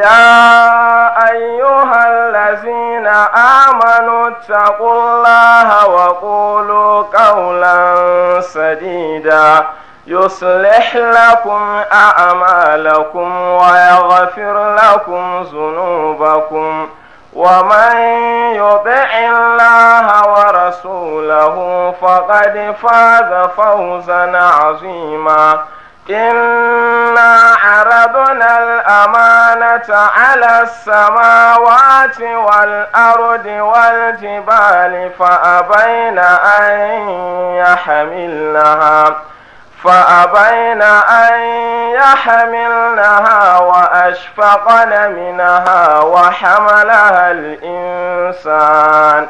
يا أيها الذين آمنوا اتقوا الله وقولوا قولا سديدا يصلح لكم أعمالكم ويغفر لكم ذنوبكم ومن يطع الله ورسوله فقد فاز فوزا عظيما إنا عرضنا الأمانة على السماوات والأرض والجبال فأبين أن يحملنها فأبين أن يحملنها وأشفقن منها وحملها الإنسان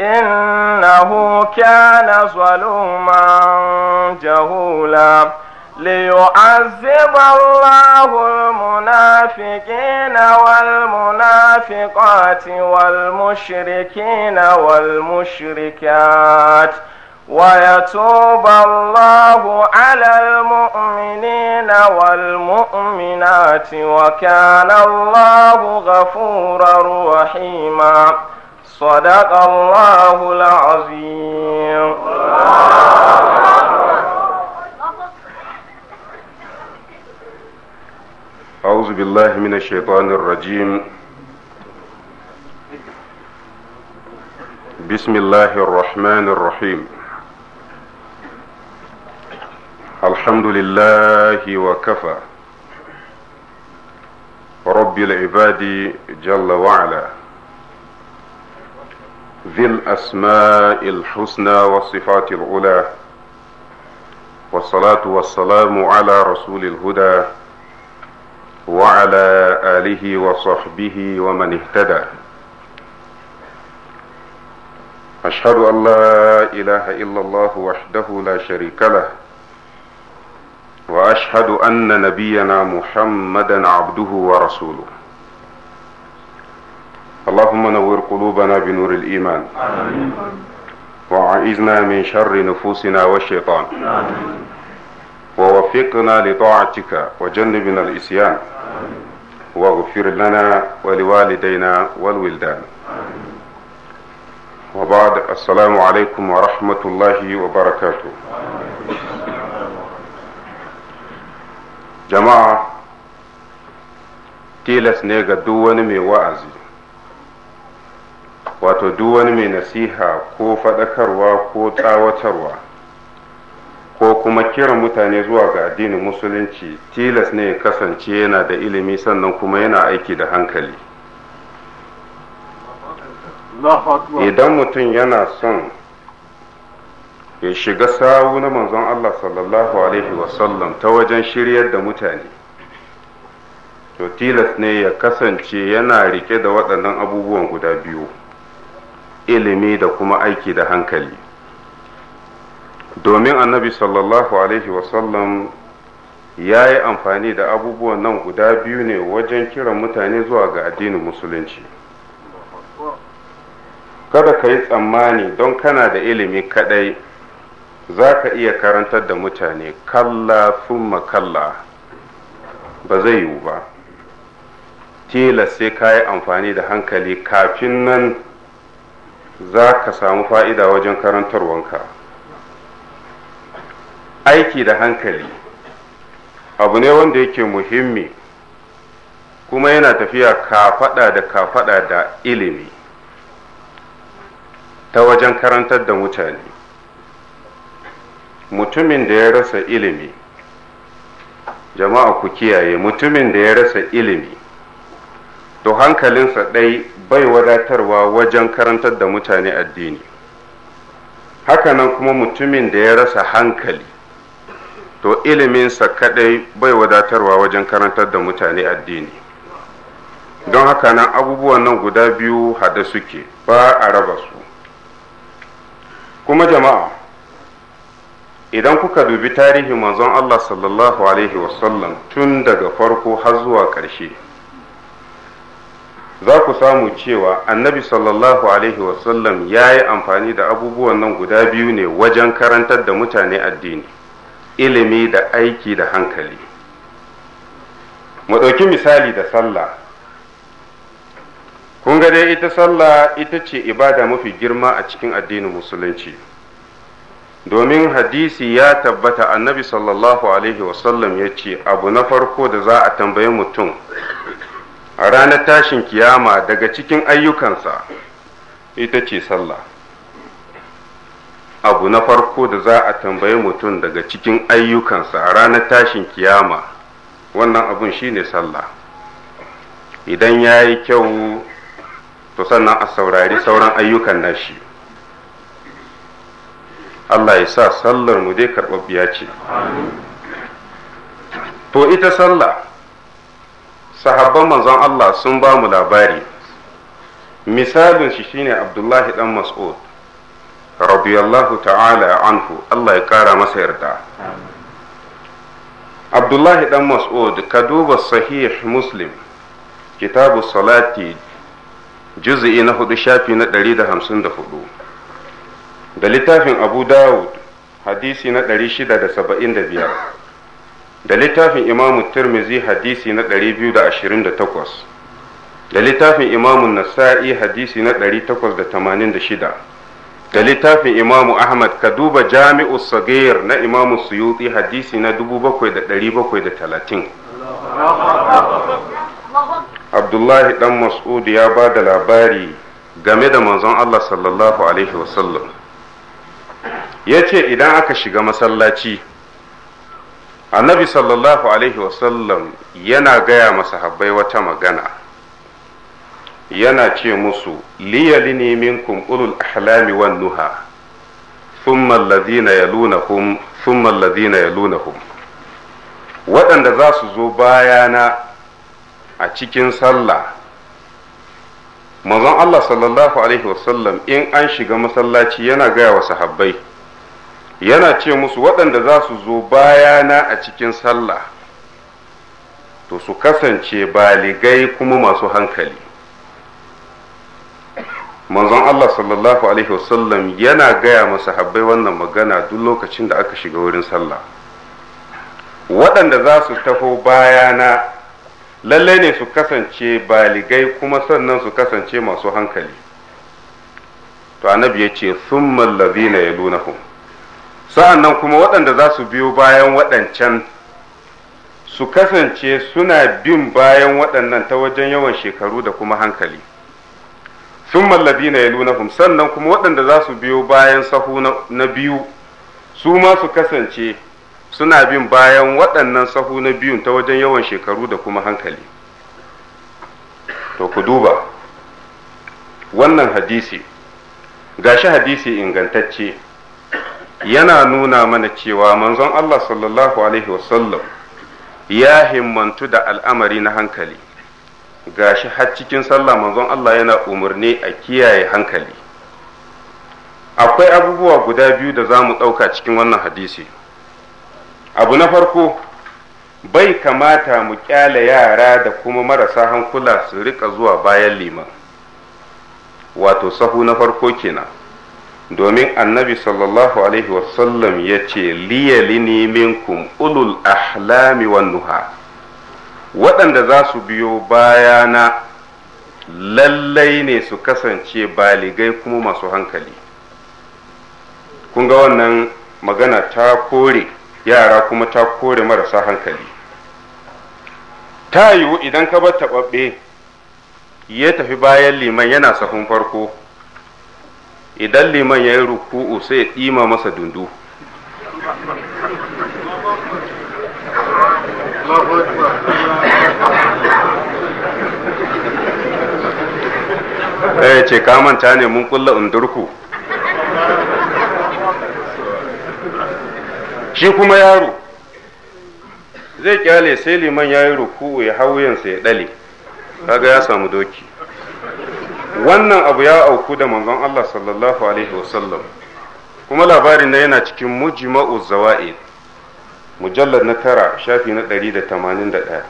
إنه كان ظلوما جهولا ليعذب الله المنافقين والمنافقات والمشركين والمشركات ويتوب الله على المؤمنين والمؤمنات وكان الله غفورا رحيما صدق الله العظيم أعوذ بالله من الشيطان الرجيم بسم الله الرحمن الرحيم الحمد لله وكفى رب العباد جل وعلا ذي الأسماء الحسنى والصفات العلى والصلاة والسلام على رسول الهدى وعلى آله وصحبه ومن اهتدى أشهد أن لا إله إلا الله وحده لا شريك له وأشهد أن نبينا محمدا عبده ورسوله اللهم نور قلوبنا بنور الإيمان آمين. وعائزنا من شر نفوسنا والشيطان آمين. ووفقنا لطاعتك وجنبنا الإسيان واغفر لنا ولوالدينا والولدان وبعد السلام عليكم ورحمة الله وبركاته جماعة tilas ne ga duk wani mai wa'azi wato duk wani mai nasiha ko faɗakarwa ko tsawatarwa ko kuma kiran mutane zuwa ga addinin musulunci tilas ne ya kasance yana da ilimi sannan kuma yana aiki da hankali idan mutum yana son ya shiga sawu na manzon Allah sallallahu alaihi wasallam ta wajen shiryar da mutane to tilas ne ya kasance yana rike da waɗannan abubuwan guda biyu ilimi da kuma aiki da hankali domin annabi sallallahu alaihi wasallam ya yi amfani da abubuwan nan guda biyu ne wajen kiran mutane zuwa ga addinin musulunci kada ka yi tsammani don kana da ilimi kadai za ka iya karantar da mutane kalla summa kalla ba zai yiwu ba tilas sai ka yi amfani da hankali kafin nan za ka samu fa'ida wajen karantarwanka. wanka aiki da hankali abu ne wanda yake muhimmi kuma yana tafiya kafaɗa da kafaɗa da ilimi ta wajen karantar da mutane mutumin da ya rasa ilimi jama'a ku kiyaye mutumin da ya rasa ilimi to hankalinsa ɗai bai wadatarwa wajen karantar da mutane addini hakanan kuma mutumin da ya rasa hankali to iliminsa kadai bai wadatarwa wajen karantar da mutane addini don haka nan abubuwan nan guda biyu hada suke ba a raba su kuma jama'a idan kuka dubi tarihi manzon Allah sallallahu alaihi wasallam tun daga farko har zuwa ƙarshe za ku samu cewa annabi sallallahu alaihi wasallam ya yi amfani da abubuwan nan guda biyu ne wajen karantar da mutane addini ilimi da aiki da hankali mu ɗauki misali da sallah kun ga dai ita sallah ita ce ibada mafi girma a cikin addinin musulunci domin hadisi ya tabbata annabi sallallahu alaihi wasallam ya ce abu na farko da za a tambayi mutum a ranar tashin kiyama daga cikin ayyukansa ita ce sallah abu na farko da za a tambayi mutum daga cikin ayyukansa a ranar tashin kiyama wannan abun shine sallah idan ya yi kyau to sannan a saurari sauran ayyukan nashi Allah ya sa sallar mu dai karɓaɓɓiya ce to ita sallah sahabban manzon Allah sun ba mu labari misalin shi shine Abdullahi dan Mas'ud radiyallahu ta'ala anhu Allah ya ƙara masa yarda abdullahi dan mas'ud ka duba sahih muslim kitabu salati juz'i na hudu shafi na 154 da littafin abu dawud hadisi na 675 da littafin imamu tirmizi hadisi na 228 da littafin imamun nasa'i hadisi na 886 Da littafin imamu ahmad ka duba jami'u sagir na imamu suyuti hadisi na 7730 abdullahi dan mas'ud ya ba da labari game da manzon allah sallallahu alaihi wasallam ya ce idan aka shiga masallaci annabi sallallahu alaihi wasallam yana gaya masahabbai wata magana yana ce musu Liyali ne minkum ulul ahlami wan nuha thumma alladhina yalunahum thumma alladhina yalunahum waɗanda za su zo bayana a cikin sallah manzon Allah sallallahu alaihi wasallam in an shiga masallaci yana gaya wa sahabbai yana ce musu waɗanda za su zo bayana a cikin sallah to su kasance baligai kuma masu hankali manzon Allah sallallahu alaihi wasallam yana gaya masa habbai wannan magana duk lokacin da aka shiga wurin sallah waɗanda za su taho bayana lalle ne su kasance baligai kuma sannan su kasance masu hankali to annabi ya ce summal ladhina yalunahum sa'an nan kuma waɗanda za su biyo bayan waɗancan su kasance suna bin bayan waɗannan ta wajen yawan shekaru da kuma hankali sun malladina na lunahum sannan kuma waɗanda za su biyo bayan sahu na biyu su ma su kasance suna bin bayan waɗannan sahu na biyu ta wajen yawan shekaru da kuma hankali to ku duba wannan hadisi gashi hadisi ingantacce yana nuna mana cewa manzon Allah sallallahu alaihi wasallam ya himmantu da al'amari na hankali Ga shi har cikin sallah manzon Allah yana umarni a kiyaye hankali akwai abubuwa guda biyu da za mu ɗauka cikin wannan hadisi abu na farko bai kamata mu kyale yara da kuma marasa hankula su rika zuwa bayan liman wato sahu na farko kenan domin annabi sallallahu alaihi wasallam ya ce liyalini minkum ulul ahlami wan nuha waɗanda za su biyo bayana lallai ne su kasance baligai kuma masu hankali kun ga wannan magana ta kore yara kuma ta kore marasa hankali ta yiwu idan ka bar taɓaɓɓe ya tafi bayan liman yana sahun farko idan liman ya yi ruku'u sai ya ɗima masa dundu Eh, ya ce ka manta ne mun kulla undurku shi kuma yaro zai kyale sai liman ya yi ruku ya hauyansa ya ɗale kaga ya samu doki wannan abu ya auku da manzon Allah sallallahu alaihi wasallam kuma labarin na yana cikin mujma'u zawa'id mujallar na tara shafi na da ɗaya.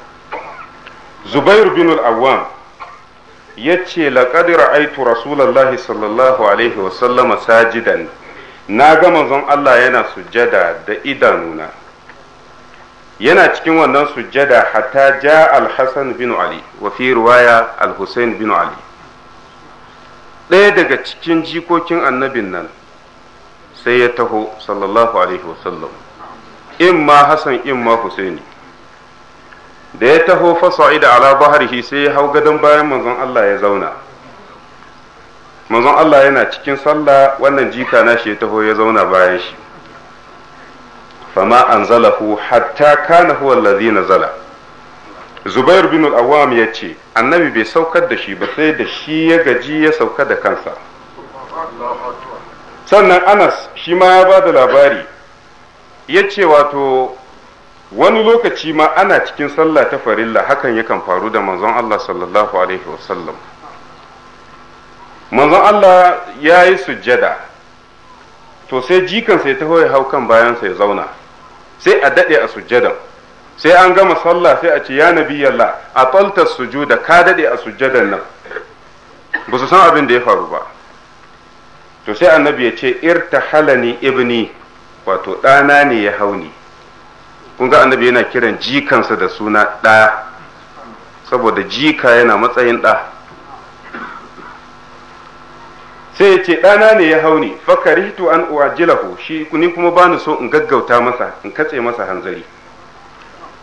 Zubairu bin al ya ce laƙad ra'aitu rasulallahi sallallahu alaihi wasallama sajidan na ga manzon Allah yana sujada da idanuna yana cikin wannan sujada hatta ja al-hasan bin ali wa fi riwaya al bin ali ɗaya daga cikin jikokin annabin nan sai ya taho sallallahu alaihi wasallam in ma Hassan in ma Husaini da ya taho fasa'ida ala baharihi sai ya hau gadon bayan manzon Allah ya zauna manzon Allah yana cikin sallah wannan jika na shi ya taho ya zauna bayan shi fama anzalahu hatta kana huwa allazi nazala Zubair bin al-Awwam ya ce annabi bai saukar da shi ba sai da shi ya gaji ya sauka da kansa sannan Anas shi ma ya ba da labari ya ce wato wani lokaci ma ana cikin sallah ta farilla hakan yakan faru da manzon Allah sallallahu alaihi wasallam manzon Allah ya yi sujjada to sai jikansa ya taho ya hau kan bayansa ya zauna sai a daɗe a sujjadan sai an gama sallah sai a ce ya nabi yalla a talta sujuda ka daɗe a sujjadan nan ba su san abin da ya faru ba to sai annabi ya ce halani ibni wato ɗana ne ya hauni kun ga annabi yana kiran jikansa da suna ɗa saboda jika yana matsayin ɗa sai ya ce ɗana ne ya hauni fakarihtu an uwajilahu shi ni kuma bani so in gaggauta masa in katse masa hanzari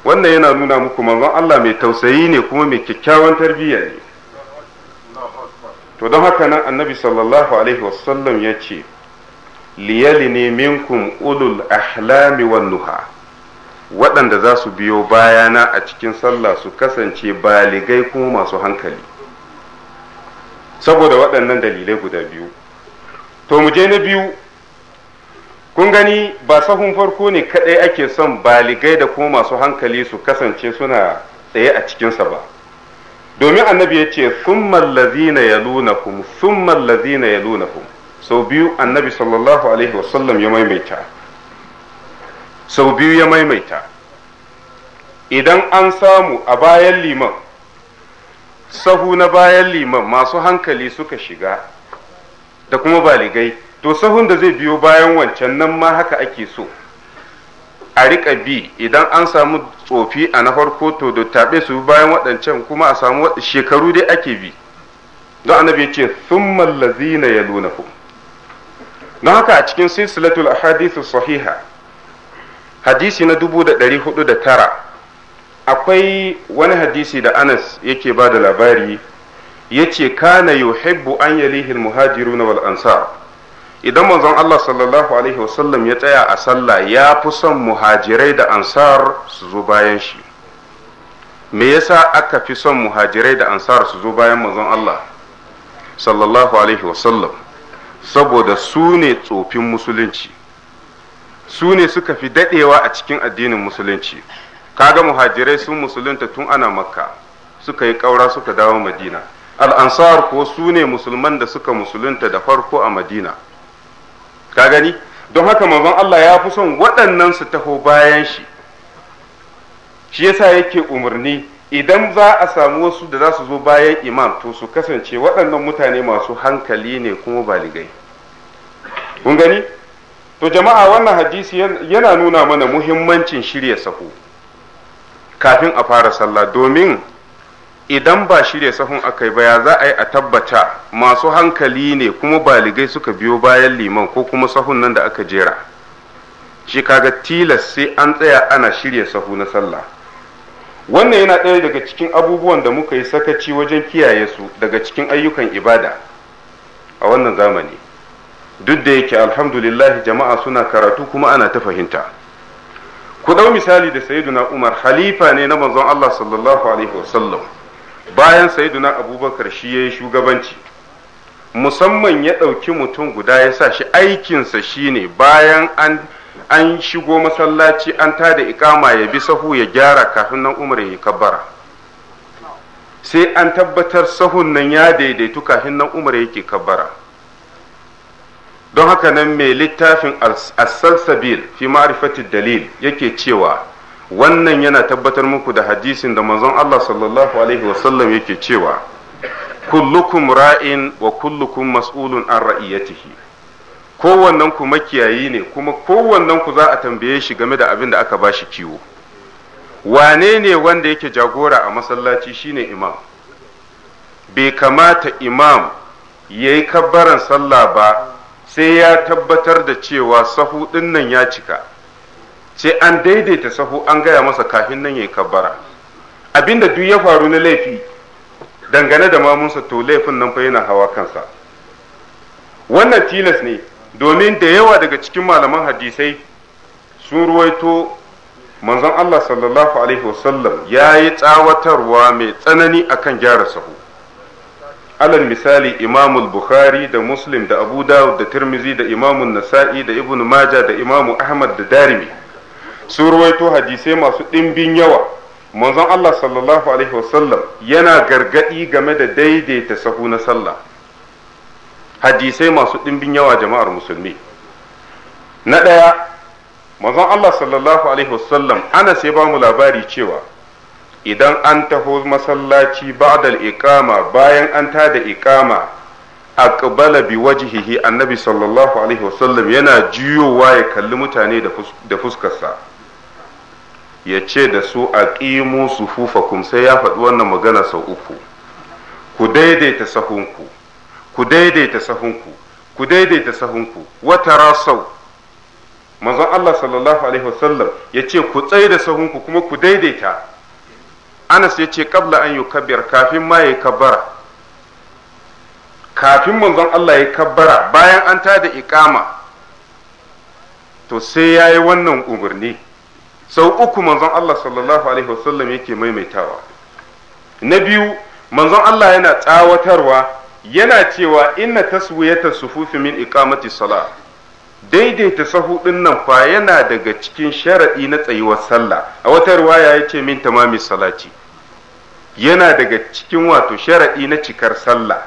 wannan yana nuna muku manzon Allah mai tausayi ne kuma mai kyakkyawan tarbiyya ne to don haka nan annabi sallallahu alaihi wasallam ya ce liyalini minkum ulul ahlami wan nuha waɗanda za su biyo bayana a cikin sallah su kasance baligai kuma masu hankali saboda waɗannan dalilai guda biyu to mu je na biyu kun gani ba sahun farko ne kaɗai ake son baligai da kuma masu hankali su kasance suna tsaye a cikinsa ba domin annabi ya ce summan lazina yalunahum summan lazina kuma sau biyu annabi sallallahu alaihi wasallam ya maimaita sau biyu ya maimaita idan an samu a bayan liman sahu na bayan liman masu hankali suka shiga da kuma baligai to sahun da zai biyo bayan wancan nan ma haka ake so a riƙa bi idan an samu tsofi a na farko to da taɓe su bayan waɗancan kuma a samu shekaru dai ake bi don annabi ya ce sun mallazi na ya luna don haka a cikin silsilatul ahadithu sahiha hadisi na tara akwai wani hadisi da anas yake ba da labari ya ce kana yuhibbu an yalihi muhajiru na wal ansar idan manzon Allah sallallahu alaihi wasallam ya tsaya a sallah ya fi son muhajirai da ansar su zo bayan shi me yasa aka fi son muhajirai da ansar su zo bayan manzon Allah sallallahu alaihi wasallam saboda su ne tsofin musulunci su ne suka fi dadewa a cikin addinin musulunci kaga muhajirai sun musulunta tun ana makka suka yi ƙaura suka dawo madina al'ansar ko su ne musulman da suka musulunta da farko a madina ka gani don haka manzon Allah ya fi son waɗannan su taho bayan shi shi yasa yake umarni idan za a samu wasu da za su zo bayan imam to su kasance waɗannan mutane masu hankali ne kuma baligai kun gani to jama'a wannan hadisi yana nuna mana muhimmancin shirya sahu kafin a fara sallah domin idan ba shirya sahun aka yi baya za a yi a tabbata masu hankali ne kuma baligai suka biyo bayan liman ko kuma sahun nan da aka jera shi kaga tilas sai an tsaya ana shirya sahu na sallah wannan yana ɗaya daga cikin abubuwan da muka yi sakaci wajen kiyaye su daga cikin ayyukan ibada a wannan zamani duk da yake alhamdulillahi jama'a suna karatu kuma ana ta fahimta ku ɗau misali da sayyiduna umar halifa ne na manzon allah sallallahu alaihi wasallam bayan sayyiduna abubakar shi ya yi shugabanci musamman ya ɗauki mutum guda ya sa shi aikinsa shine bayan an an shigo masallaci an ta da ikama ya bi sahu ya gyara kafin nan umar ya kabbara sai an tabbatar sahun nan ya daidaitu kafin nan umar yake kabbara don haka nan mai littafin asalsabil fi ma'rifati dalil yake cewa wannan yana tabbatar muku da hadisin da manzon Allah sallallahu alaihi wasallam yake cewa kullukum ra'in wa kullukum mas'ulun an ra'iyatihi kowannen ku makiyayi ne kuma kowannen ku za a tambaye shi game da abin da aka ba shi kiwo wane ne wanda yake jagora a masallaci shine imam bai kamata imam ya yi kabbaran sallah ba sai ya tabbatar da cewa sahu ɗin nan ya cika sai an daidaita sahu an gaya masa kafin nan ya yi kabbara abinda duk ya faru na laifi dangane da mamunsa to laifin nan fa yana hawa kansa wannan tilas ne domin da yawa daga cikin malaman hadisai sun ruwaito manzon Allah sallallahu alaihi wasallam ya yi tsawatarwa mai tsanani akan gyara sahu alal misali imamul bukhari da muslim da abu dawud da tirmizi da imamun nasa'i da ibn maja da imamu ahmad da darimi sun ruwaito hadisai masu ɗimbin yawa manzon Allah sallallahu alaihi wasallam yana gargaɗi game da daidaita sahu na sallah hadisai masu ɗimbin yawa jama'ar musulmi na ɗaya manzon Allah sallallahu alaihi wasallam ana sai ba mu labari cewa idan an taho masallaci ba'dal iqama bayan an tada iqama aqbala bi wajhihi annabi sallallahu alaihi wasallam yana juyowa ya kalli mutane da fuskarsa ya ce da su a fufa sufufakum sai ya faɗi wannan magana sau uku ku daidaita sahunku ku daidaita sahunku ku daidaita sahunku wata rasau manzon Allah sallallahu alaihi wasallam ya ce ku tsaye da sahunku kuma ku daidaita Anas ya ce kabla an yukabbir kafin ma ya kabbara kafin manzon Allah ya kabbara bayan an ta da iqama to sai ya yi wannan umarni sau uku manzon Allah sallallahu alaihi wasallam yake maimaitawa na biyu manzon Allah yana tsawatarwa yana cewa inna taswiyata sufufi min iqamati sala daidaita sahu din nan fa yana daga cikin sharadi na tsayuwar sallah a wata riwaya yace min tamami salati yana daga cikin wato sharadi na cikar sallah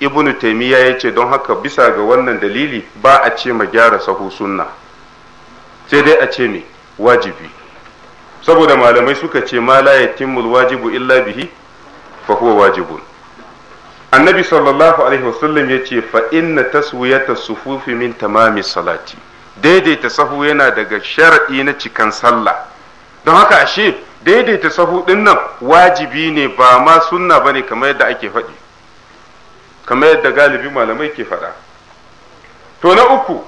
ibnu taymiya yace don haka bisa ga wannan dalili ba a ce ma gyara sahu sunna sai dai a ce ne wajibi saboda malamai suka ce ma la yatimul wajibu illa bihi fa huwa wajibun annabi sallallahu alaihi wasallam ya ce fa inna taswiyata sufufi min tamami salati daidaita sahu yana daga shar'i na cikan sallah don haka ashe daidaita sahu din nan wajibi ne ba ma sunna bane kamar yadda ake faɗi kamar yadda galibi malamai ke faɗa to na uku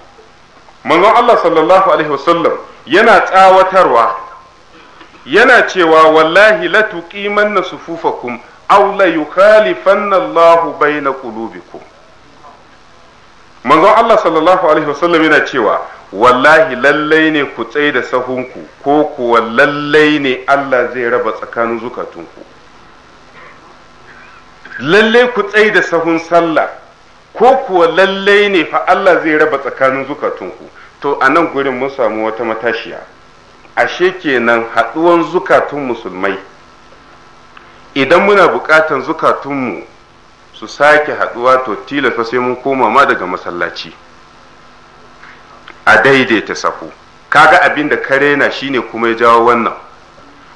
manzon Allah sallallahu alaihi wasallam yana tsawatarwa yana cewa wallahi manna sufufa sufufakum aw la yukhalifanna Allahu bayna qulubikum manzon Allah sallallahu alaihi wasallam yana cewa wallahi lallai ne ku tsaye da sahunku ko kuwa lallai ne Allah zai raba tsakanin zukatunku lallai ku tsaye da sahun sallah ko kuwa lallai ne fa Allah zai raba tsakanin zukatunku to a nan gurin mun samu wata matashiya ashe kenan haɗuwan zukatun musulmai idan muna buƙatan zukatunmu su sake haɗuwa to tilasta sai mun koma ma daga masallaci a daidaita sahu kaga abin da ka na shine kuma ya jawo wannan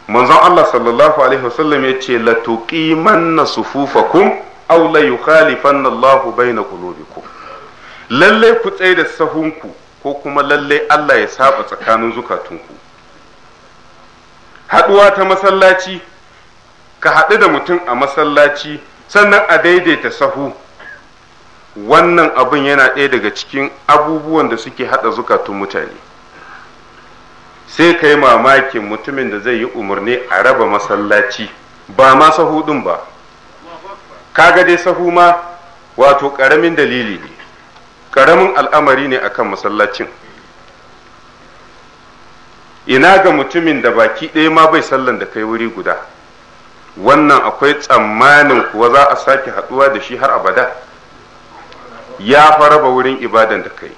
manzon Allah sallallahu alaihi wasallam ya ce la tuqimanna sufufakum aw la yukhalifanna Allahu baina qulubikum lalle ku tsaye da sahunku ko kuma lalle Allah ya saba tsakanin zukatunku Haɗuwa ta masallaci ka haɗu da mutum a masallaci sannan a daidaita sahu wannan abin yana ɗaya daga cikin abubuwan da suke haɗa zukatun mutane sai ka yi mamakin mutumin da zai yi umarni a raba masallaci ba ma sahu ɗin ba kaga dai sahu ma wato ƙaramin dalili ne ƙaramin al'amari ne akan masallacin ina ga mutumin da baki ɗaya ma bai sallan da kai wuri guda wannan akwai tsammanin kuwa za a sake haɗuwa da shi har abada ya faraba wurin ibadan da kai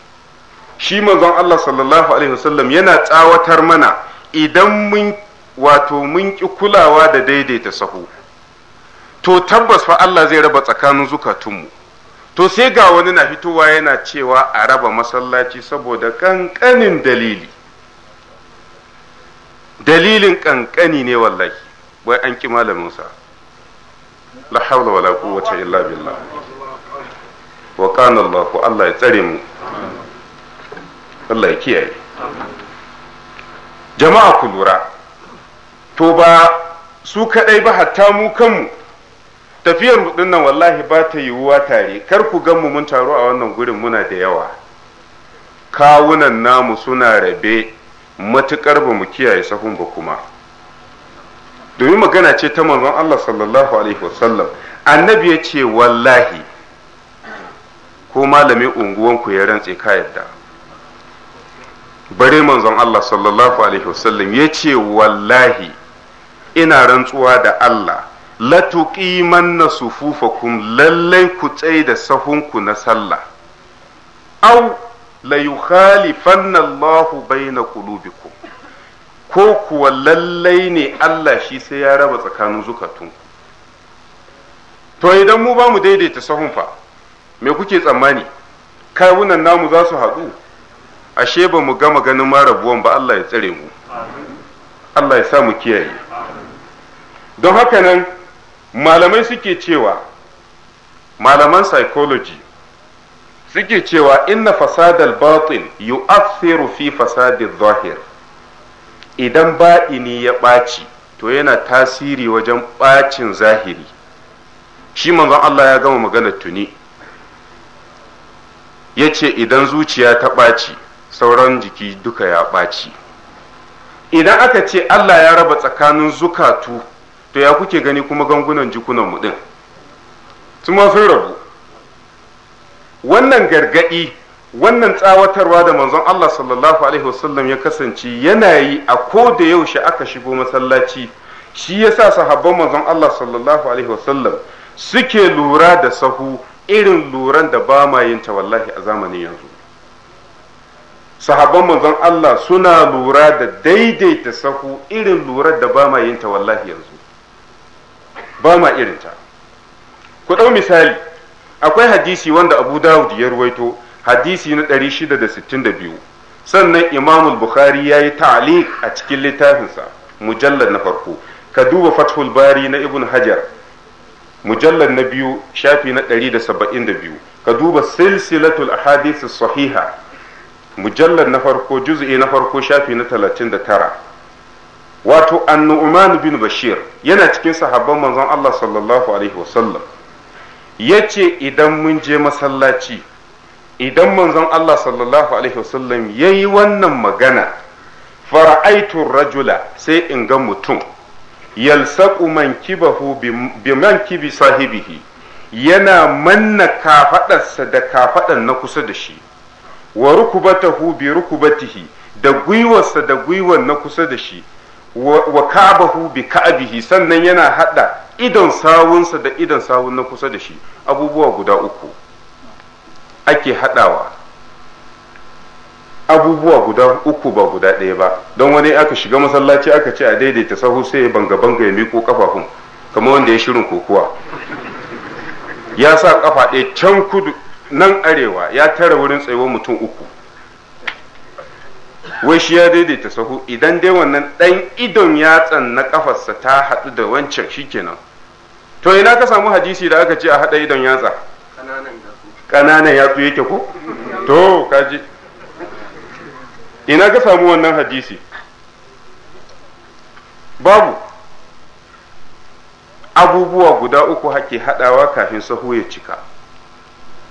shi manzon Allah sallallahu alaihi wasallam yana tsawatar mana idan mun wato mun ki kulawa da daidaita sahu to tabbas fa Allah zai raba tsakanin zukatunmu to sai ga wani na fitowa yana cewa a raba masallaci saboda kankanin dalili dalilin kankani ne wallahi wai an ki malaminsa la hawla wala quwwata illa billah wa kana Allah Allah ya tsare mu Allah ya kiyaye jama'a ku lura to ba su kadai ba hatta mu kanmu tafiyar mu dinnan wallahi ba ta yiwuwa tare kar ku gan mu mun taro a wannan gurin muna da yawa kawunan namu suna rabe matukar ba mu kiyaye sahun ba kuma domin magana ce ta manzon Allah sallallahu alaihi wasallam annabi ya ce wallahi ko malamin unguwanku ya rantse ka yadda bare manzon Allah sallallahu alaihi wasallam ya ce wallahi ina rantsuwa da Allah La tuqiman nasufufakum lallai ku tsai da sahunku na sallah au la yukhalifanna Allahu baina qulubikum ko kuwa lallai ne Allah shi sai ya raba tsakanin zukatun to idan mu ba mu daidaita sahun fa me kuke tsammani kawunan namu za su haɗu ashe ba mu gama ganin mara buwan ba Allah ya tsare mu Allah ya sa mu kiyaye don haka nan malamai suke cewa malaman psychology suke cewa inna fasadal batin yu'athiru fi fasadil zahir idan ba'ini ya ɓaci to yana tasiri wajen ɓacin zahiri shi manzon Allah ya gama magana tuni ya ce idan zuciya ta ɓaci sauran jiki duka ya ɓaci idan aka ce Allah ya raba tsakanin zukatu to ya kuke gani kuma gangunan jikunan mu ɗin sun rabu wannan gargaɗi wannan tsawatarwa da manzon Allah sallallahu alaihi wasallam ya kasance yana yi a ko da yaushe aka shigo masallaci shi yasa sahabban manzon Allah sallallahu alaihi wasallam suke lura da sahu irin luran da ba ma yin ta wallahi a zamanin yanzu sahabban manzon Allah suna lura da daidaita sahu irin lurar da ba ma yin ta wallahi yanzu ba ma irin ta ku ɗau misali akwai hadisi wanda Abu Dawud ya ruwaito hadisi na 662 sannan imam bukhari ya yi ta'liq a cikin littafinsa mujallar na farko ka duba fathul bari na ibn hajar mujallar na biyu shafi na 172 ka duba silsilatul ahadith sahiha mujallar na farko juz'i na farko shafi na 39 wato annu'man bin bashir yana cikin sahabban manzon Allah sallallahu alaihi wasallam yace idan mun je masallaci idan manzon Allah sallallahu alaihi wasallam yayi wannan magana fara'aitu rajula sai in ga mutum yalsaqu mankibahu bi mankibi sahibihi yana manna kafaɗarsa da kafadan na kusa da shi wa rukubatahu bi rukubatihi da gwiwarsa da gwiwan na kusa da shi wa kabahu bi ka'abihi sannan yana hada idon sawunsa da idon sawun na kusa da shi abubuwa guda uku ake haɗawa abubuwa guda uku ba guda ɗaya ba don wani aka shiga masallaci aka ce a daidaita sahu sai ya banga banga ya miko kafafun kamar wanda ya shirin kokuwa ya sa kafa ɗaya can kudu nan arewa ya tara wurin tsayuwar mutum uku wai shi ya daidaita sahu idan dai wannan ɗan idon yatsan na kafarsa ta haɗu da wancan shi shikenan to ina ka samu hadisi da aka ce a haɗa idon yatsa ƙananan yatsu yake ko to kaji ina ka samu wannan hadisi babu abubuwa guda uku hake haɗawa kafin sahu ya cika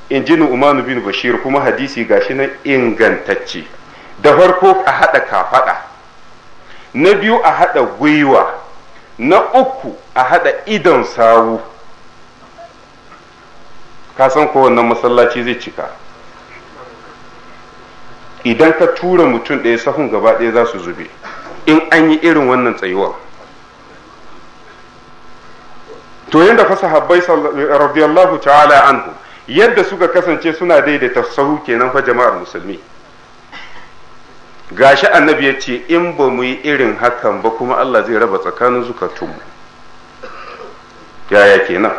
in ji umanu bin bashir kuma hadisi ga shi nan ingantacce da farko a haɗa kafaɗa na biyu a haɗa gwiwa na uku a haɗa idon sawu ka san wannan masallaci zai cika idan ka tura mutum ɗaya sahun gaba ɗaya za su zube in an yi irin wannan tsayuwar to yadda fa sahabbai radiyallahu ta'ala anhu yadda suka kasance suna daidaita sahu kenan fa jama'ar musulmi gashi annabi ya ce in ba mu yi irin hakan ba kuma Allah zai raba tsakanin zukatunmu yaya kenan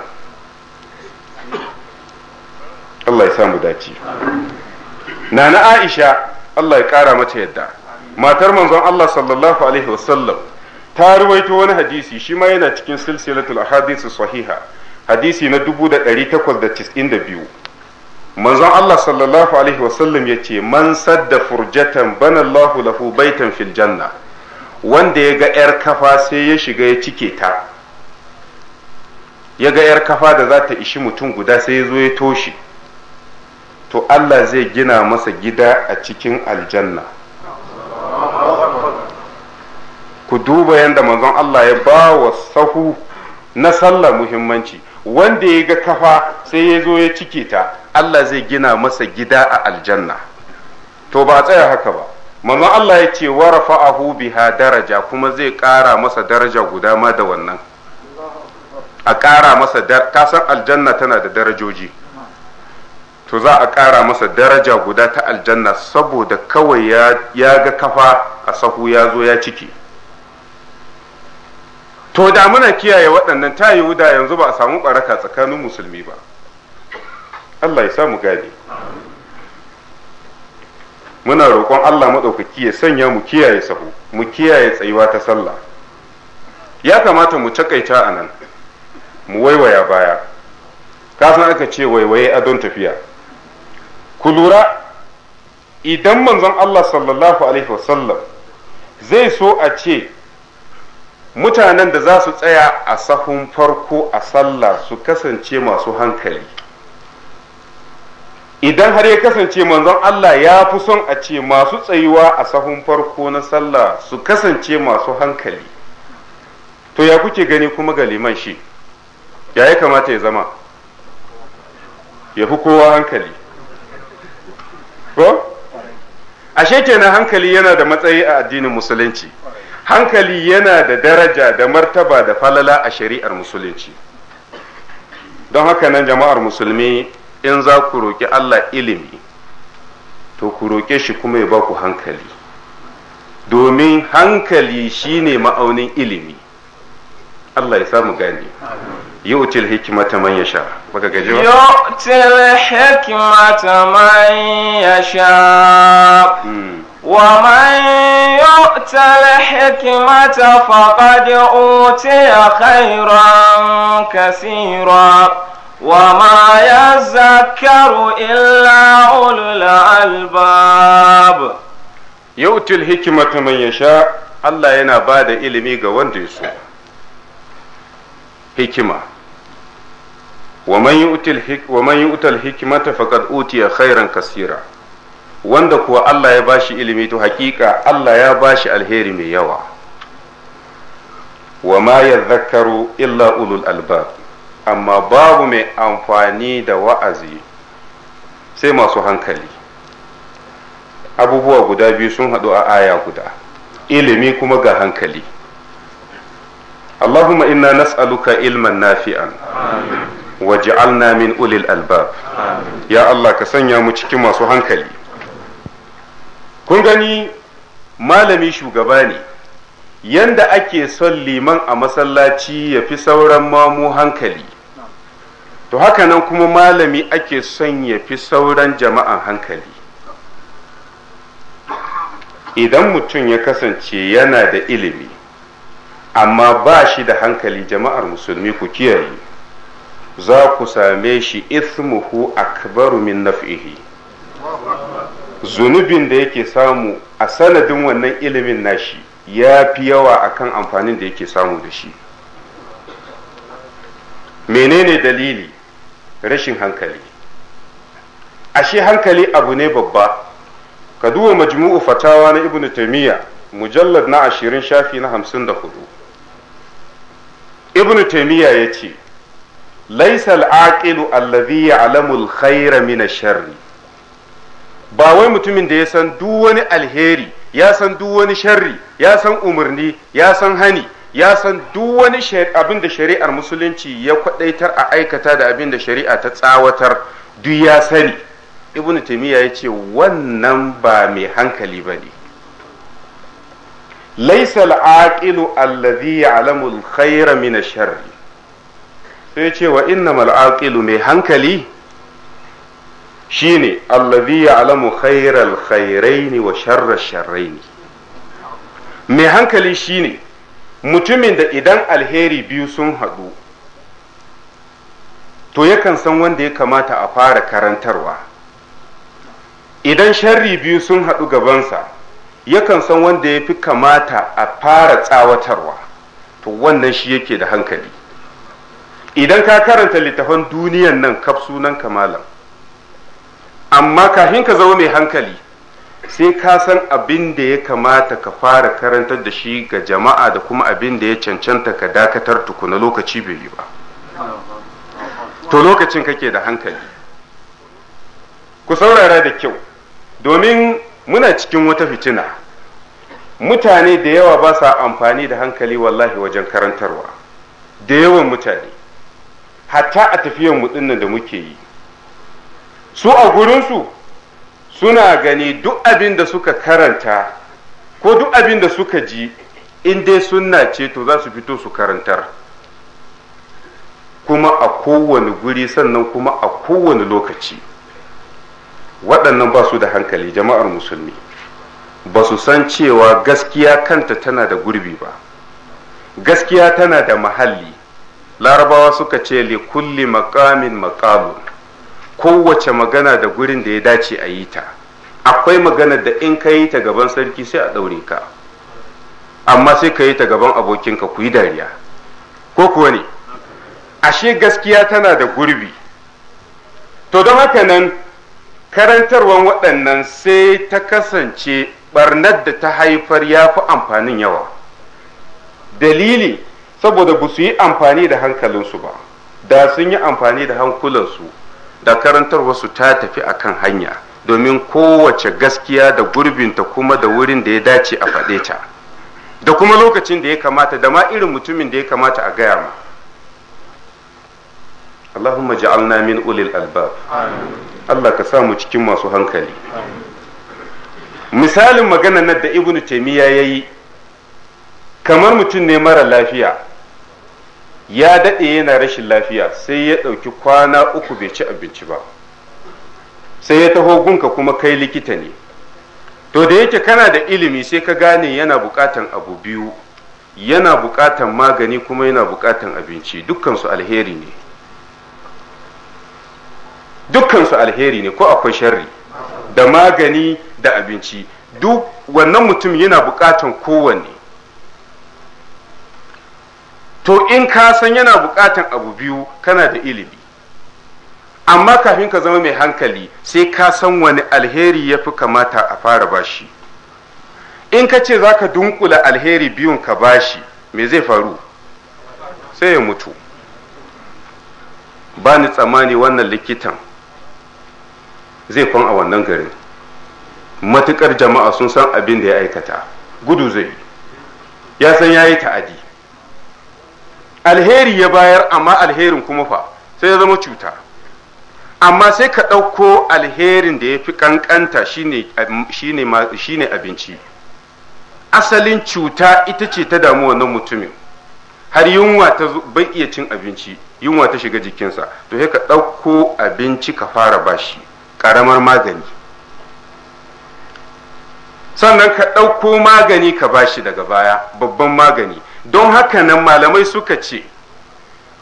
Allah ya samu dace nana Aisha Allah ya kara mata yadda matar manzon Allah sallallahu alaihi wasallam ta ruwaito wani hadisi shi ma yana cikin silsilatul ahadith sahiha hadisi na 1892 manzon Allah sallallahu alaihi wasallam ya ce man sadda furjatan bana Allahu lahu baitan fil janna wanda ya ga ‘yar kafa sai ya shiga ya cike ta ya ga ‘yar kafa da za ta ishi mutum guda sai ya zo ya toshe. to Allah zai gina masa gida a cikin aljanna ku duba yadda manzon Allah ya ba wa sahu na sallah muhimmanci wanda ya ga kafa sai ya zo ya cike ta Allah zai gina masa gida a aljanna to ba a tsaya haka ba manzon Allah ya ce wa rafa'ahu biha daraja kuma zai ƙara masa daraja guda ma da wannan a ƙara masa ka aljanna tana da darajoji to za a ƙara masa daraja guda ta aljanna saboda kawai ya ga kafa a sahu ya zo ya ciki to da muna kiyaye waɗannan ta yi wuda yanzu ba a samu ɓaraka tsakanin musulmi ba Allah ya samu gane muna roƙon Allah maɗaukaki ya sanya mu kiyaye sahu mu kiyaye tsayuwa ta sallah ya kamata mu takaita a nan mu waiwaya baya kasan aka ce waiwaye a don tafiya ku lura idan manzon Allah sallallahu alaihi wasallam zai so a ce mutanen da za su tsaya a sahun farko a sallah su kasance masu hankali idan har ya kasance manzon Allah ya fi son a ce masu tsayuwa a sahun farko na sallah su kasance masu hankali to ya kuke gani kuma ga liman shi ya yi kamata ya zama ya fi kowa hankali ko ashe kenan hankali yana da matsayi a addinin musulunci hankali yana da daraja da martaba da falala a shari'ar musulunci don haka nan jama'ar musulmi in za ku roƙi Allah ilimi to ku roƙe shi kuma ya ba ku hankali domin hankali shine ma'aunin ilimi Allah ya samu gani يؤتي الحكمة من يشاء يؤتي الحكمة من يشاء ومن يؤت الحكمة فقد أوتي خيرا كثيرا وما يذكر إلا أولو الألباب يؤتي الحكمة من يشاء الله ينا بعد إلمي قوان ديسو حكمة wa man yu'tal hikmata faqad utiya khairan kasira wanda kuwa Allah ya bashi ilimi to hakika Allah ya bashi alheri mai yawa wa ma yadhakkaru illa ulul albab amma babu mai amfani da wa'azi sai masu hankali abubuwa guda biyu sun haɗu a aya guda ilimi kuma ga hankali Allahumma inna nasaluka ilman nafi'an amin Waje min ulil albab ya Allah ka sanya mu cikin masu hankali kun gani malami shugaba ne yanda ake son liman a masallaci ya fi sauran mamu hankali to haka nan kuma malami ake son ya fi sauran jama'a hankali idan mutum ya kasance yana da ilimi amma ba shi da hankali jama'ar musulmi ku kiyaye za ku same shi ismuhu akbaru min naf'ihi zunubin da yake samu a sanadin wannan ilimin nashi ya fi yawa akan amfanin da yake samu da shi menene dalili rashin hankali ashe hankali abu ne babba ka duba majmu'u fatawa na ibnu taymiya mujallad na ashirin shafi na hamsin da hudu ibnu taymiya ya ce Laisal al'aqilu allazi ya'lamu alkhaira min ash-sharri ba wai mutumin da ya san duk wani alheri ya san duk wani sharri ya san umarni ya san hani ya san duk wani abin da shari'ar musulunci ya kwadaitar a aikata da abin da shari'a ta tsawatar duk ya sani ibnu taymiya ya ce wannan ba mai hankali ba ne laisa al'aqilu allazi ya'lamu alkhaira min ash-sharri sai ce wa inna mal'aƙilu mai hankali shine allazi ya'lamu khairal khairaini wa sharrar sharraini mai hankali shine mutumin da idan alheri biyu sun haɗu to yakan san wanda ya kamata a fara karantarwa idan sharri biyu sun haɗu gabansa yakan san wanda ya fi kamata a fara tsawatarwa to wannan shi yake da hankali idan ka karanta littafan duniyan nan kaf sunan kamalan amma kafin ka zama mai hankali sai ka san abin da ya kamata ka fara karantar da shi ga jama'a da kuma abin da ya cancanta ka dakatar tukuna lokaci bai yi ba to lokacin kake da hankali ku saurara da kyau domin muna cikin wata fitina mutane da yawa ba sa amfani da hankali wallahi wajen karantarwa da yawan mutane hatta a tafiyan mu dinnan da muke yi su a gurinsu suna gani duk abin da suka karanta ko duk abin da suka ji in dai sunna ce to za su fito su karantar kuma a kowane guri sannan kuma a kowane lokaci waɗannan ba su da hankali jama'ar musulmi ba su san cewa gaskiya kanta tana da gurbi ba gaskiya tana da mahalli larabawa suka ce li kulli maqamin makalu. kowace magana da gurin da ya dace a yi ta akwai magana da in ka yi ta gaban sarki sai a ɗaure ka amma sai ka yi ta gaban abokinka ku yi dariya ko kuwa ne ashe gaskiya tana da gurbi to don haka nan karantarwan waɗannan sai ta kasance barnar da ta haifar ya fi amfanin yawa dalili saboda ba su yi amfani da hankalinsu ba da sun yi amfani da hankulansu da wasu ta tafi akan hanya domin kowace gaskiya da gurbinta kuma da wurin da ya dace a faɗe ta da kuma lokacin da ya kamata da ma irin mutumin da ya kamata a gaya ma Allahumma ja'alna min ulil albab Allah ka samu cikin masu hankali misalin magana nan da ibnu taymiya yayi kamar mutum ne mara lafiya ya daɗe yana rashin lafiya sai ya ɗauki kwana uku bai ci abinci ba sai ya taho gunka kuma kai likita ne to da yake kana da ilimi sai ka gane yana buƙatan abu biyu yana buƙatan magani kuma yana buƙatan abinci dukkansu alheri ne dukkansu alheri ne ko akwai sharri da magani da abinci duk wannan mutum yana buƙatan kowanne to in ka san yana buƙatan abu biyu kana da ilimi amma kafin ka zama mai hankali sai ka san wani alheri ya fi kamata a fara bashi in ka ce za ka dunkula alheri biyun ka bashi me zai faru sai ya mutu ba ni tsammani wannan likitan zai kwan a wannan garin matukar jama'a sun san abin da ya aikata gudu zai ya san ya yi ta'adi alheri ya bayar amma alherin kuma fa sai ya zama cuta amma sai ka ɗauko alherin da ya fi ƙanƙanta ne abinci asalin cuta ita ce ta damu wannan mutumin har yunwa ta bai iya cin abinci yunwa ta shiga jikinsa to sai ka ɗauko abinci ka fara bashi ƙaramar magani sannan ka ɗauko magani ka bashi daga baya babban magani don haka nan malamai suka ce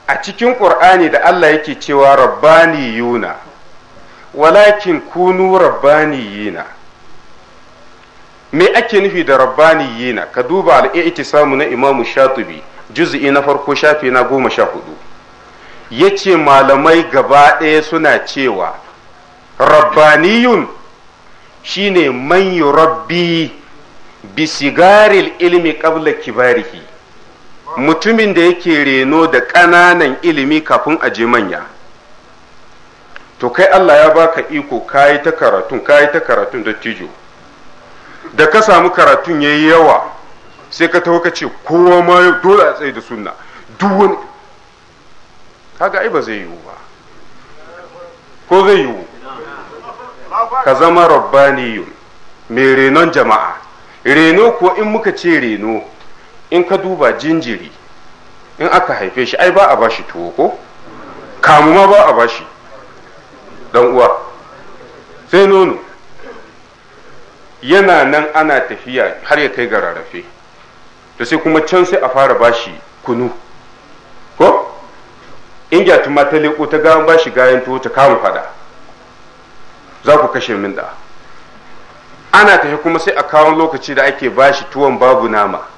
a cikin ƙur'ani da Allah yake cewa rabbani yuna walakin kunu rabbani yina me ake nufi da rabbani yina ka duba al'aiti samu na imamu shatubi juzi'i na farko shafi na goma sha hudu ya ce malamai gaba ɗaya suna cewa rabbaniyun ne manyan rabbi bisigaril ilmi ƙabla kibarihi mutumin da yake reno da ƙananan ilimi kafin a je manya to kai Allah ya baka iko kayi ta karatun kayi ta karatun tijo da ka samu karatun yayi yawa sai ka taho ka ce kowa ma dole a tsaye da sunna duk wani kaga ai ba zai yiwu ba ko zai yiwu ka zama rabbaniyun mai renon jama'a reno ko in muka ce reno in ka duba jinjiri in aka haife shi ai ba a bashi tuwo ko kamu ma ba a bashi dan uwa sai nono yana nan ana tafiya har ya kai ga rarrafe to sai kuma can sai a fara bashi kunu ko in gyatu ma ta leko ta gawan bashi gayan tuwo ta kama fada za ku kashe min da ana tafi kuma sai a kawon lokaci da ake bashi tuwon babu nama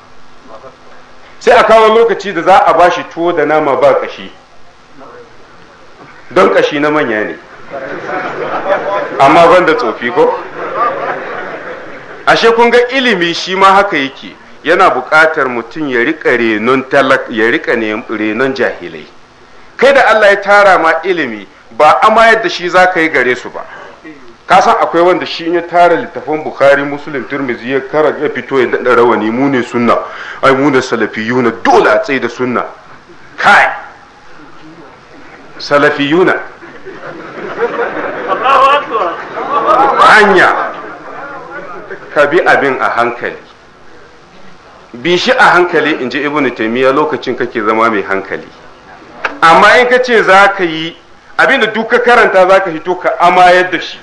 sai a kawo lokaci da za a ba shi tuwo da nama ba kashi don kashi na manya ne amma ban da tsofi ko ashe kun ga ilimi shi ma haka yake yana buƙatar mutum ya rika renon ya renon jahilai kai da Allah ya tara ma ilimi ba amma da shi za ka yi gare su ba ka san akwai wanda shi ya tara littafan bukhari muslim turmizi ya kara ya fito ya daɗa rawani mu ne sunna ai mu ne salafiyuna dole a tsaye da sunna kai salafiyuna hanya ka bi abin a hankali bi shi a hankali in ji Ibn taimiyya lokacin kake zama mai hankali amma in ka ce za ka yi abin da duk ka karanta za ka hito ka amayar da shi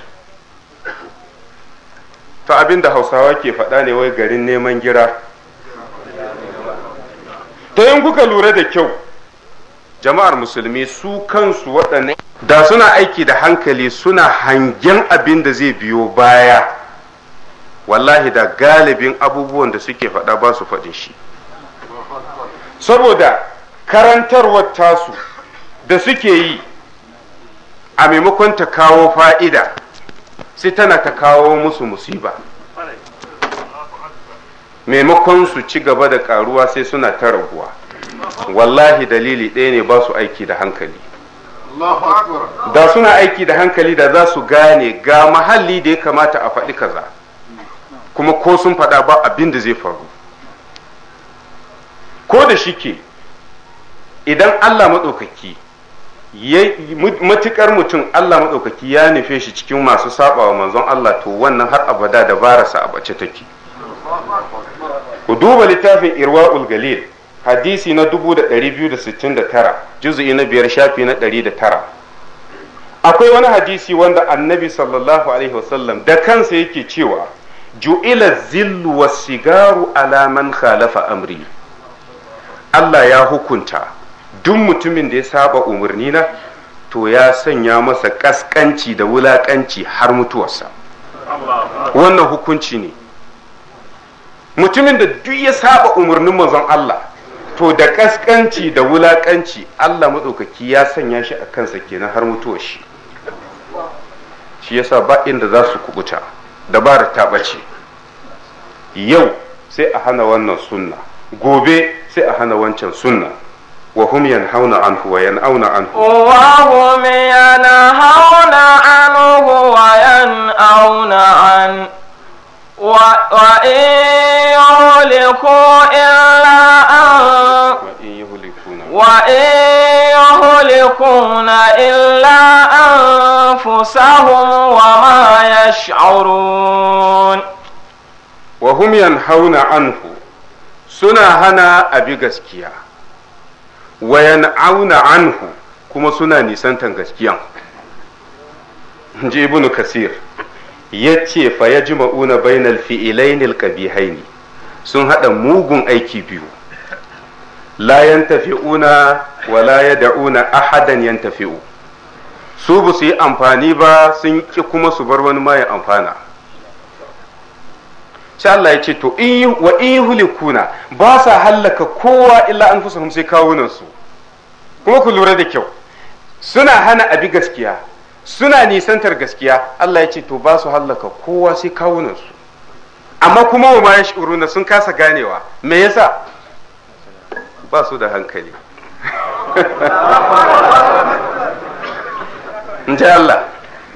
to abin da hausawa ke faɗa ne wai garin neman gira Ta yin kuka lura da kyau jama'ar musulmi su kansu waɗanne da suna aiki da hankali suna hangen abin da zai biyo baya wallahi da galibin abubuwan da suke faɗa ba su faɗin shi saboda karantarwar tasu da suke yi a maimakon ta kawo fa'ida sai tana ta kawo musu musiba maimakon su ci gaba da karuwa sai suna ta raguwa wallahi dalili ɗaya ne ba su aiki da hankali da suna aiki da hankali da za su gane ga mahalli da ya kamata a faɗi kaza kuma ko sun faɗa ba abin da zai faru ko da shike idan allah maɗaukaki matukar mutum Allah maɗaukaki ya nufe shi cikin masu sabawa manzon Allah to wannan har abada da barasa a bace take ku duba littafin irwa'ul galil hadisi na 269 juzu'i na biyar shafi na 109 akwai wani hadisi wanda annabi sallallahu alaihi wasallam da kansa yake cewa ju'ila zillu sigaru ala man khalafa amri Allah ya hukunta duk mutumin da ya saba umarni na to ya sanya masa kaskanci da wulakanci har mutuwarsa wannan hukunci ne mutumin da duk ya saba umarnin manzon Allah to da kaskanci da wulakanci Allah matsaukaki ya sanya shi a kansa kenan har mutuwar shi shi yasa ba inda za su kubuta dabarar ta bace yau sai a hana wannan sunna gobe sai a hana wancan sunna وهم ينهون عنه وينأون عنه وهم ينهون عنه وينأون عنه و... وإن يهلكوا إلا أن وإن يهلكون إلا أنفسهم وما يشعرون وهم ينهون عنه سنة هنا أبي gaskiya wayan auna anhu kuma suna nisantan gaskiyan ji ibnu kasir ya ce fa ya ji ma'una bainal fi'ilainil ƙabihaini sun haɗa mugun aiki biyu la yantafi'una wa la yad'una ahadan yantafi'u su ba su yi amfani ba sun ƙi kuma su bar wani ma amfana sai Allah ya ce to in wa in hulikuna ba sa hallaka kowa illa an fusa sai kawunan su kuma ku lura da kyau suna hana abi gaskiya suna nisantar gaskiya Allah ya ce to ba su hallaka kowa sai kawunan su amma kuma wa ma na sun kasa ganewa me yasa ba su da hankali in ji Allah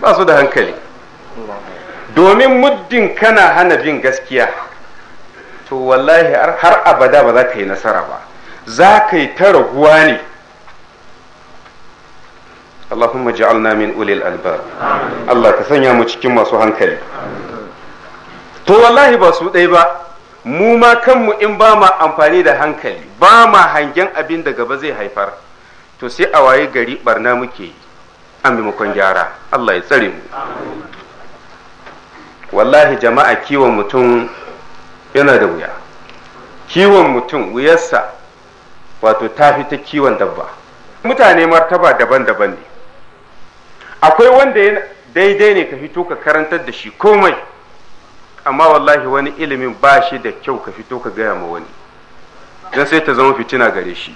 ba su da hankali domin muddin kana hana bin gaskiya to wallahi har abada ba za ka yi nasara ba za ka yi ta raguwa ne Allahumma ja'alna min ulil albab Allah ka sanya mu cikin masu hankali to wallahi ba su ɗai ba mu ma kanmu in ba ma amfani da hankali ba ma hangen abin da gaba zai haifar to sai a waye gari barna muke yi a maimakon gyara Allah ya tsare mu wallahi jama'a kiwon mutum yana da wuya kiwon mutum wuyarsa wato ta fi ta kiwon dabba mutane martaba daban-daban ne akwai wanda ya daidai ne ka fito ka karantar da shi komai amma wallahi wani ilimin ba shi da kyau ka fito ka gaya ma wani don sai ta zama fitina gare shi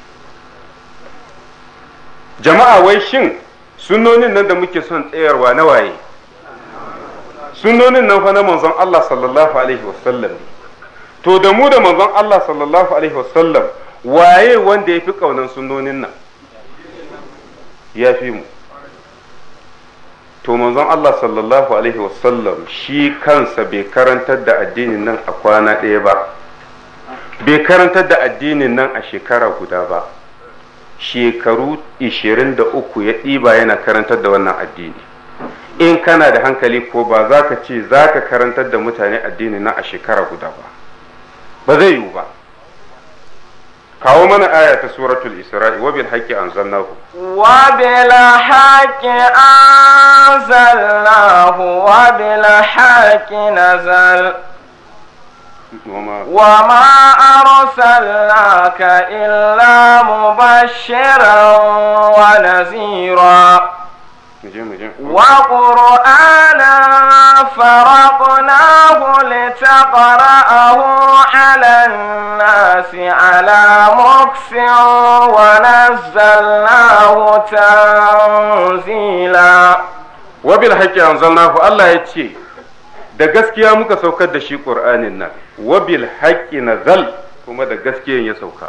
jama'a wai shin sunonin nan da muke son tsayarwa na waye sunnonin nan fa na manzon Allah sallallahu alaihi wasallam to da mu da manzon Allah sallallahu alaihi wasallam waye wanda ya fi kaunan sunnonin nan ya fi mu to manzon Allah sallallahu alaihi wasallam shi kansa bai karantar da addinin nan a kwana ɗaya ba bai karantar da addinin nan a shekara guda ba shekaru 23 ya ɗiba yana karantar da wannan addini in kana da hankali ko ba za ka ce za ka karantar da mutane addini na a shekara guda ba ba zai yiwu ba kawo mana aya ta suratul isra'i wa bil haqqi anzalnahu wa bil haqqi anzalnahu wa bil haqqi nazal arsalnaka illa mubashiran wa وقرآنا فرقناه لتقرأه على الناس على مكس ونزلناه تنزيلا وبالحق أنزلناه الله يتشي da gaskiya muka saukar da shi ƙur'anin nan wabil haƙƙi nazal kuma da gaskiyan ya sauka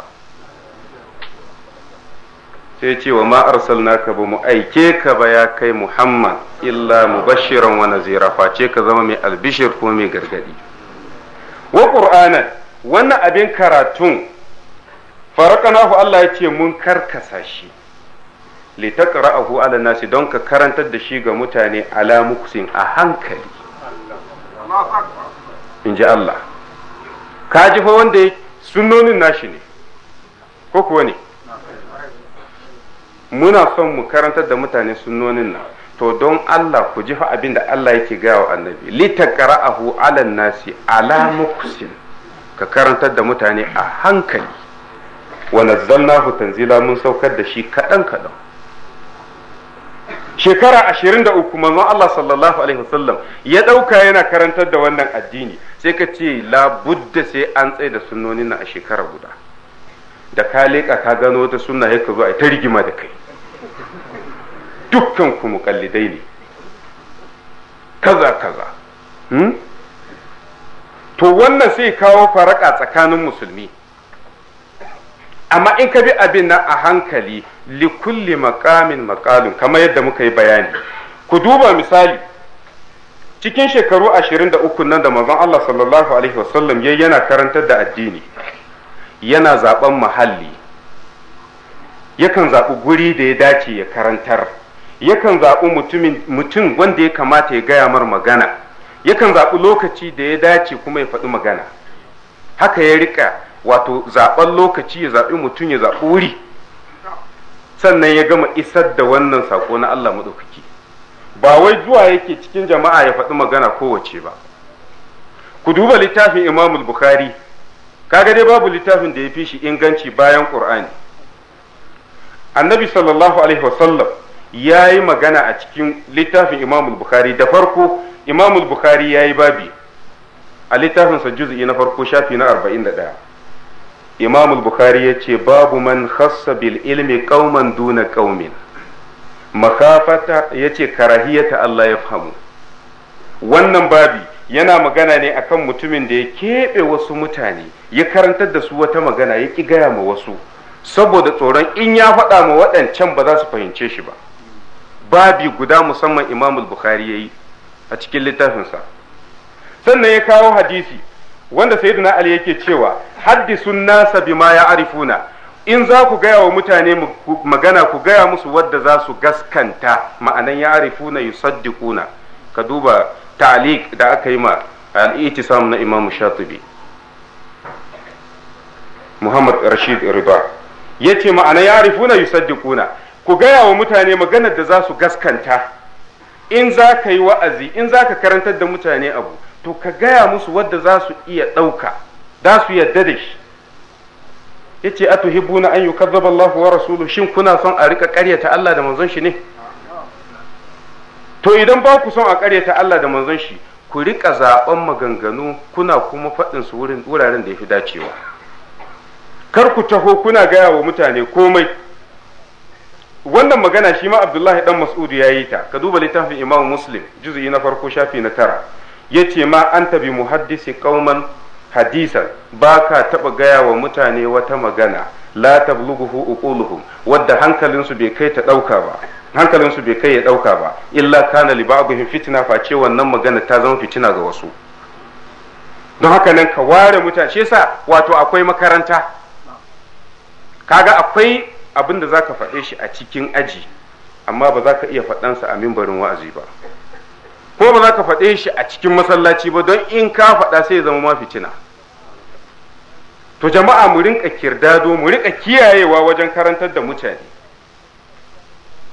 sai ce wa ma arsalnaka ba mu aike ka ba ya kai Muhammad illa mubashiran wa nazira face ka zama mai albishir ko mai gargadi wa qur'ana wannan abin karatun faraqanahu Allah ya ce mun karkasa shi li taqra'ahu ala nasi don ka karantar da shi ga mutane ala muksin a hankali in ji Allah ka ji fa wanda sunnonin nashi ne ko kuwa ne muna son mu karantar da mutane sunnonin nan to don Allah ku ji fa abin da Allah yake gaya wa annabi ala 'alan nasi ala muksin ka karantar da mutane a hankali wa nazzalnahu tanzila mun saukar da shi kadan kadan shekara ashirin da Allah sallallahu alaihi wasallam ya ɗauka yana karantar da wannan addini sai ka ce la labudda sai an tsaye da sunnonin a shekara guda da ka leka ka gano wata sunna ya zuwa zo ta rigima da kai dukkan ku mukallidai ne kaza kaza hmm? to wannan sai kawo faraka tsakanin musulmi amma in ka bi abin nan a hankali likulli makamin maƙalin kamar yadda muka yi bayani ku duba misali cikin shekaru ashirin da uku nan da manzon Allah sallallahu alaihi wasallam ya yana karantar da addini yana zaben mahalli yakan zaɓi guri da ya dace ya karantar yakan zaɓi mutum wanda ya kamata ya gaya mar magana yakan zaɓi lokaci da ya dace kuma ya faɗi magana haka ya rika wato zaɓen lokaci ya zaɓi mutum ya zaɓi wuri sannan ya gama isar da wannan saƙo na Allah maɗaukaki ba wai zuwa yake cikin jama'a ya faɗi magana kowace ba ku duba littafin imamul bukhari kaga dai babu littafin da ya fi shi inganci bayan ƙur'ani annabi sallallahu alaihi wasallam ya yi magana a cikin littafin imamul bukhari da farko imamul bukhari ya yi babi a littafinsa juz'i na farko shafi na 41 imamul bukhari ya ce babu man khassa bil ilmi qauman duna qaumin makafata ya ce karahiyata Allah ya fahimu wannan babi yana magana ne akan mutumin da ya keɓe wasu mutane ya karantar da su wata magana ya ƙi gaya ma wasu saboda tsoron in ya faɗa ma waɗancan ba za su fahimce shi ba babi guda musamman imam bukhari ya yi a cikin littafinsa sannan ya kawo hadisi wanda sayyidina ali yake cewa haddisun nasa bima ya arifuna in za ku gaya wa mutane magana ku gaya musu wadda za su gaskanta ma'anan ya arifuna yusaddiquna ka duba ta'liq da aka yi ma al ittisam na imam shatibi muhammad rashid riba yace ma'ana ya arifuna yusaddiquna ku gaya wa mutane maganar da za su gaskanta in za ka yi wa'azi in za ka karantar da mutane abu to ka gaya musu wadda za su iya ɗauka za su yarda da shi ya ce a na an yi Allah wa rasulu shin kuna son a rika ƙaryata Allah da manzon shi ne to idan ba ku son a ƙaryata Allah da manzon shi ku rika zaɓen maganganu kuna kuma faɗin su wuraren da ya fi dacewa kar ku taho kuna gaya wa mutane komai wannan magana shi ma abdullahi dan mas'ud ya yi ta ka duba littafin imam muslim juz'i na farko shafi na tara ya ce ma an tabi muhaddisi kauman hadisan baka taɓa gaya wa mutane wata magana la tabluguhu uquluhum wadda hankalinsu bai kai ta ɗauka ba hankalinsu bai kai ya ɗauka ba illa kana li ba'dihim fitna fa ce wannan magana ta zama fitina ga wasu don haka nan ka ware mutane shi yasa wato akwai makaranta kaga akwai abin da za ka faɗe shi a cikin aji amma ba za ka iya faɗansa a mimbarin wa'azi ba ko ba za ka faɗe shi a cikin masallaci ba don in ka faɗa sai ya zama ma fitina to jama'a mu rinka kirdado mu rinka kiyayewa wajen karantar da mutane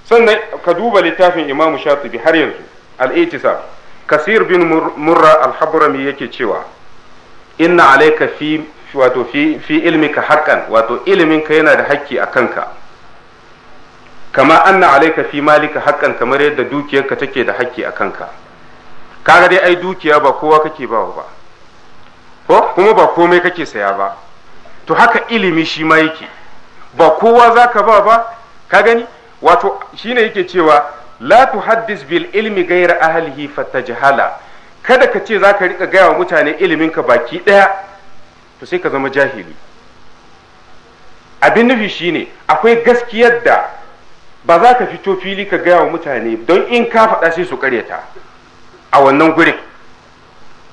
sannan ka duba littafin imamu shatibi har yanzu al-itisab kasir bin murra al-habrami yake cewa inna alayka fi wato fi fi ilmika haqqan wato iliminka yana da hakki a kanka kama anna alayka fi malika haƙƙan kamar yadda dukiyarka take da hakki a kanka kaga dai ai dukiya ba kowa kake bawa ba ko kuma ba komai kake saya ba to haka ilimi shi ma yake ba kowa zaka ba ba ka gani wato shine yake cewa la tuhaddis bil ilmi ghayra ahlihi fatajhala kada ka ce zaka rika gaya wa mutane iliminka baki ɗaya. to sai ka zama jahili abin nufi shine akwai gaskiyar da ba za ka fito fili ka gaya wa mutane don in ka faɗa sai su karyata a wannan gurin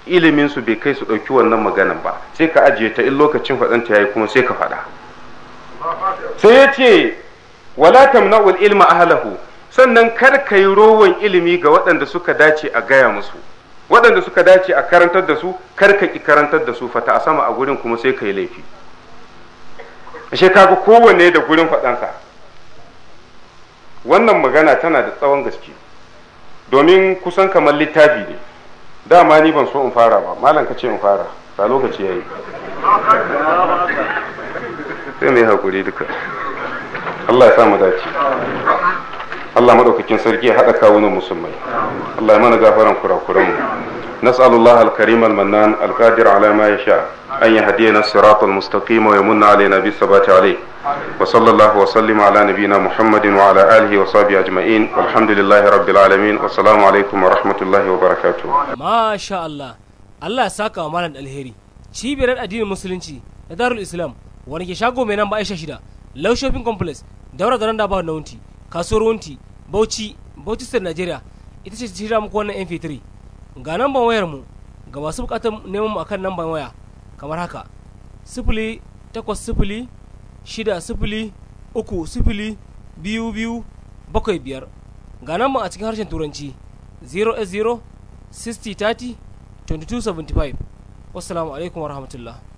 ilimin su bai kai su ɗauki wannan maganan ba sai ka ajiye ta in lokacin faɗanta yayi kuma sai ka faɗa sai ya ce wala tamna'ul ilma ahlahu sannan kar ka yi rowan ilimi ga waɗanda suka dace a gaya musu waɗanda suka dace a karantar da su kar ki karantar da su fata a sama a gurin kuma sai ka yi laifi ashe kaga kowanne da gurin faɗansa wannan magana tana da tsawon gaske domin kusan kamar littafi ne dama ni ban so in fara ba malam ka ce in fara ba lokaci ya yi sai mai hakuri duka Allah ya sa mu dace Allah madaukakin sarki ya haɗa kawo nan musulmai Allah ya mana gafaran kurakuran mu nas'alullah al-karim al-mannan al-qadir ala ma yasha an yahdina as-sirata al wa yamunna ala nabiyyi sabati alayhi wa wa sallama ala nabiyyina muhammadin wa ala alihi wa sahbihi walhamdulillahi rabbil alamin wa wa rahmatullahi wa barakatu. ma Allah Allah ya saka wa malan alheri cibiyar addinin musulunci da darul islam wani ke shago mai nan aisha shida law shopping complex dawra daranda ba nauti kasuwar wunti bauchi bauchi state nigeria ita ce shirya muku wannan mp3 ga namban wayar mu ga masu bukatar neman mu akan namban waya kamar haka sifili takwas sifili shida sifili uku sifili biyu biyu bakwai biyar ga namban a cikin harshen turanci 080 60 30 2275 alaikum